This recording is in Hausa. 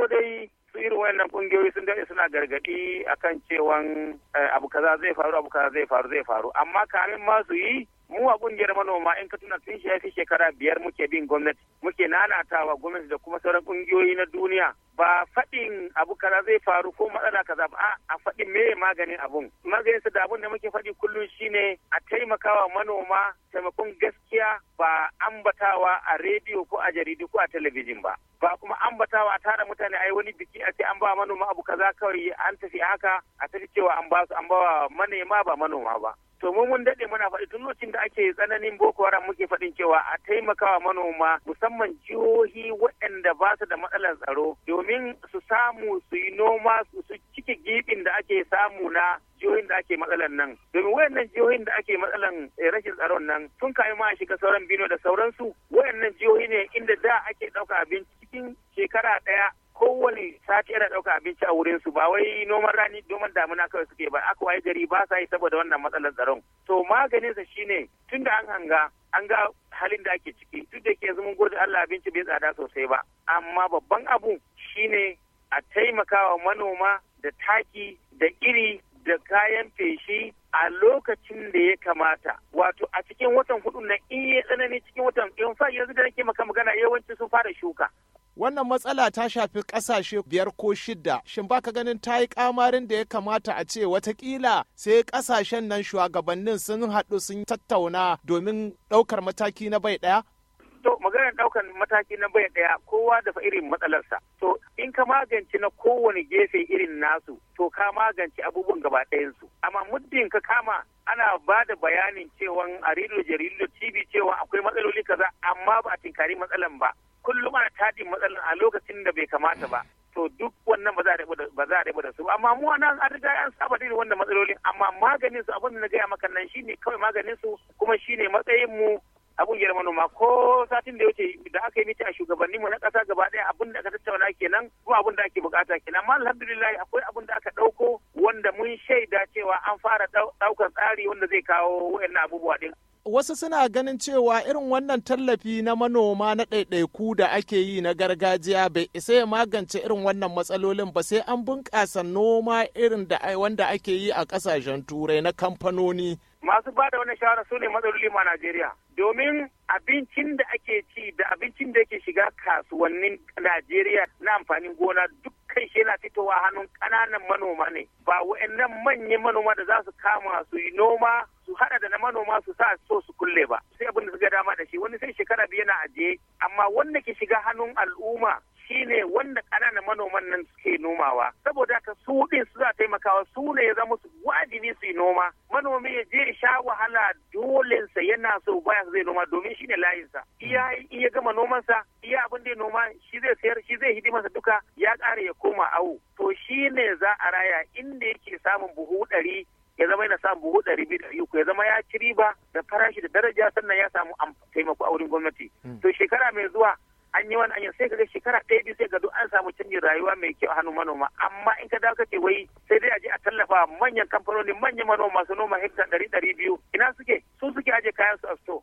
Ko dai su irin wayannan kungiyoyi sun daɗe suna gargaɗi akan cewan eh, abu kaza zai faru abu kaza zai faru zai faru amma kamin ma su yi mu a kungiyar manoma in ka tuna tun shi shekara biyar muke bin gwamnati muke nanatawa gwamnati da kuma sauran kungiyoyi na duniya ba faɗin abu kaza zai faru ko matsala kaza ba a faɗin me maganin abun maganin da abun da muke faɗi kullum shine a taimakawa manoma taimakon gaskiya ba ambatawa a rediyo ko a jaridu ko a talabijin ba ba kuma ambatawa a tara mutane ai wani biki a ce an ba manoma abu kaza kawai an tafi haka a tafi cewa an ba su an ba manema ba manoma ba to mu mun dade muna faɗi tun lokacin da ake tsananin boko haram muke faɗin cewa a taimakawa manoma musamman jihohi waɗanda ba su da matsalar tsaro domin su samu su yi noma su cike gibin da ake samu na jihohin da ake matsalan nan domin wayannan jihohin da ake matsalan eh, rashin tsaron nan sun kayi ma shiga sauran bino da sauransu wayannan jihohi ne inda da ake ɗauka abinci cikin shekara ɗaya kowane sati yana ɗauka abinci a wurin su ba wai noman rani noman damina kawai suke ba aka wayi gari ba sa yi saboda wannan matsalar tsaron to maganin sa shine tun da an hanga an ga halin da ake ciki duk da ke yanzu mun gode Allah abinci bai tsada sosai ba amma babban abu shine a taimakawa manoma da taki da iri da kayan feshi a lokacin da ya kamata wato a cikin watan hudu na in yi tsanani cikin watan in yanzu da nake maka magana yawanci sun fara shuka wannan matsala ta shafi kasashe biyar ko shidda shin baka ganin ta yi kamarin da ya kamata a ce watakila sai kasashen nan shugabannin sun haɗu sun tattauna domin ɗaukar mataki na bai ɗaya to maganar ɗaukar mataki na bai ɗaya kowa da fa irin matsalarsa to in ka magance na kowane gefe irin nasu to ka magance abubuwan gaba ɗayansu amma muddin ka kama ana ba da bayanin cewa a rilo jarilo tv cewa akwai matsaloli kaza amma ba a tinkari matsalan ba kullum ana tajin matsalar a lokacin da bai kamata ba to duk wannan ba za a rabu da su amma mu a nan an riga an saba da wannan matsalolin amma maganin su abin da na gaya maka nan shine kawai maganin su kuma shine matsayin mu a kungiyar manoma ko satin da wuce da aka yi mita a mu na kasa gaba daya abin da aka tattauna kenan kuma abin da ake bukata kenan amma alhamdulillah akwai abin da aka dauko wanda mun shaida cewa an fara daukar tsari wanda zai kawo wayannan abubuwa din wasu suna ganin cewa irin wannan tallafi na manoma na ɗaiɗaiku da ake yi na gargajiya bai isa ya magance irin wannan matsalolin ba sai an bunƙasa noma irin da wanda ake yi a ƙasashen turai na kamfanoni. Masu ba da wani shawara su ne matsaloli ma Najeriya. Domin abincin da ake ci da abincin da yake shiga kasuwannin Najeriya na amfanin gona duk kai shi yana fitowa hannun ƙananan manoma ne ba wa'annan manyan manoma da za su kama su yi noma su hada da na manoma su sa so su kulle ba sai abin da suka dama da shi wani sai shekara biyu yana ajiye amma wanda ke shiga hannun al'umma shine wanda kananan manoman nan suke nomawa saboda haka su din su za taimakawa su ne ya zama su wajibi su yi noma manomi ya je sha wahala yana so baya zai noma domin shine layinsa iya iya ya gama nomansa iya abin da ya noma shi zai sayar shi zai hidima sa duka ya ƙara ya koma awo to shi ne za a raya inda yake samun buhu ɗari ya zama yana samun buhu ɗari biyu ɗari uku ya zama ya ci riba da farashi da daraja sannan ya samu taimako a wurin gwamnati hmm. to shekara mai zuwa an yi wani anyan sai ka ga shekara ɗaya biyu sai ga duk an samu canjin rayuwa mai kyau a hannun manoma amma in ka dawo ke wai sai dai a je a tallafa manyan kamfanoni manyan manoma masu noma hekta ɗari ɗari biyu times or so.